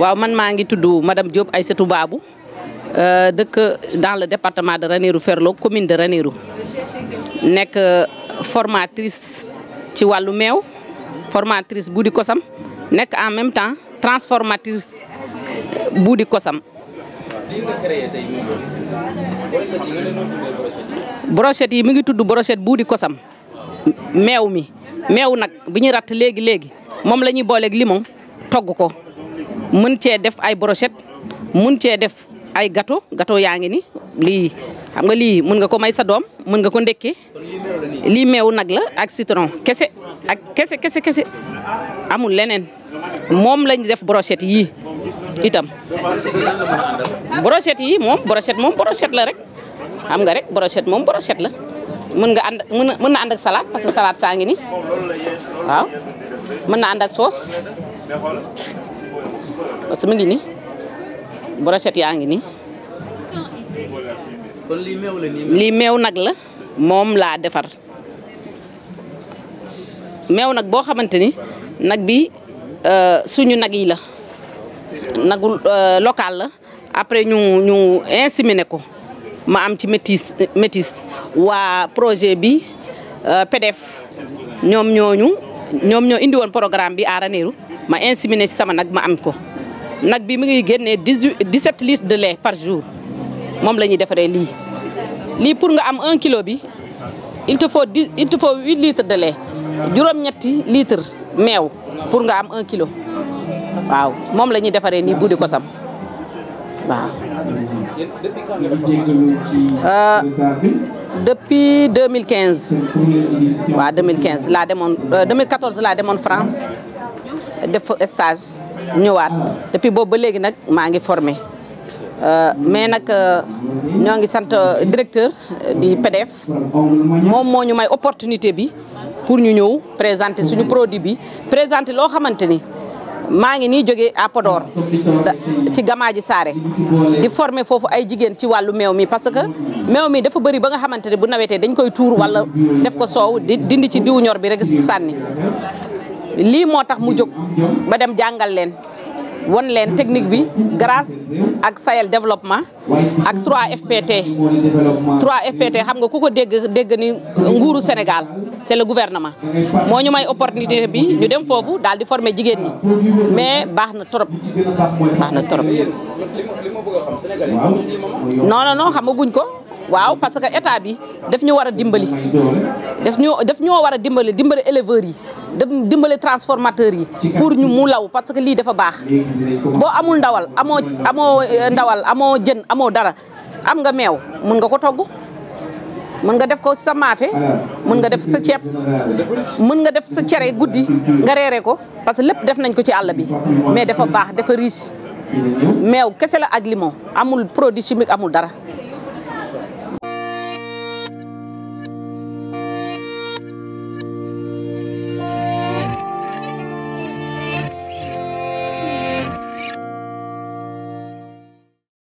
waaw man maa ngi tudd madame Diop Aïssatou Babou euh, dëkk dans le département de Ranérou Ferlo commune de Ranérou nekk euh, formatrice ci wàllu meew formatrice Buudi Kosam nekk en même temps transformatrice euh, Buudi Kosam. brochette yi mi ngi tudd brochette Buudi Kosam meew mi meew nag bi ñu ratt léegi léegi moom la ñuy booleeg limon togg ko. mën cee def ay brochette mën cee def ay gato gâteau yaa ngi ni lii xam nga lii mën nga ko may sa doom mën nga ko ndékkee lii meew nag la ak citron kese ak kese kese kese amul leneen moom lañ def brochette yii itam brochette yii moom brochette moom brochette la rek xam nga rek brochette moom brochette la mën nga ànd mën mën na ànd ak parce que salade saa ngi ni waaw mën na ànd ak soos parce que mu ngi ni brochette yaa ngi ni kon lii nii lii meew nag la moom laa defar meew nag boo xamante ni nag bi euh, suñu nag yi la nagu euh, local la après ñu ñu inséminé ko ma am ci métis métis waa projet bi euh, PDF ñoom ñooñu ñoom ñoo indi woon programme bi à ma insimine ci sama nag ma am ko nag bi mu ngi génnee dix huit dix sept litres de lait par jour moom la ñuy defaree lii. lii pour nga am un kilo bi il te faut dix il te faut huit litres de lait juróom-ñetti litres meew pour nga am un kilo waaw moom la ñuy defaree nii buddi kosam waaw. Euh, depuis 2015 waaw 2015 laa demoon 2014 laa demoon France. def fa stage ñëwaat depuis boobu ba léegi nag maa ngi formé euh, mais nag euh, ñoo ngi sant euh, directeur di PDEF moom moo ñu may opportunité bi pour ñu ñëw présenter suñu produit bi présenter loo xamante ni maa ngi nii jóge à Podor ci Gamaaji Saare di former foofu ay jigéen ci wàllu meew mi parce que meew mi dafa bëri ba nga xamante ne bu nawetee dañ koy tuur wala def ko soow di dindi ci diw ñor bi rek sànni lii moo tax mu jóg ma dem jàngal leen won leen technique bi grâce ak Sahel développement ak trois fpt 3 xam nga ku ko dégg dégg ni nguuru Sénégal c'est le gouvernement moo ñu may opportunité bi ñu dem foofu daal di former jigéen ñi mais baax na trop baax na trop non non non xam nga guñ ko waaw parce que état bi daf ñu war a dimbali daf ñu daf ñoo war a dimbali dimbali éleveurs yi dimbale transformateur yi pour ñu mu law parce que lii dafa baax boo amul ndawal amoo amoo euh, ndawal amoo jën amoo dara am nga meew mun nga ko togg mën nga def ko sa maafe mën nga def sa ceeb mën nga def sa cere guddi nga reere ko parce que lépp def nañ ko ci àll bi mais dafa baax dafa riche meew kese la ak limon amul produit chimique amul dara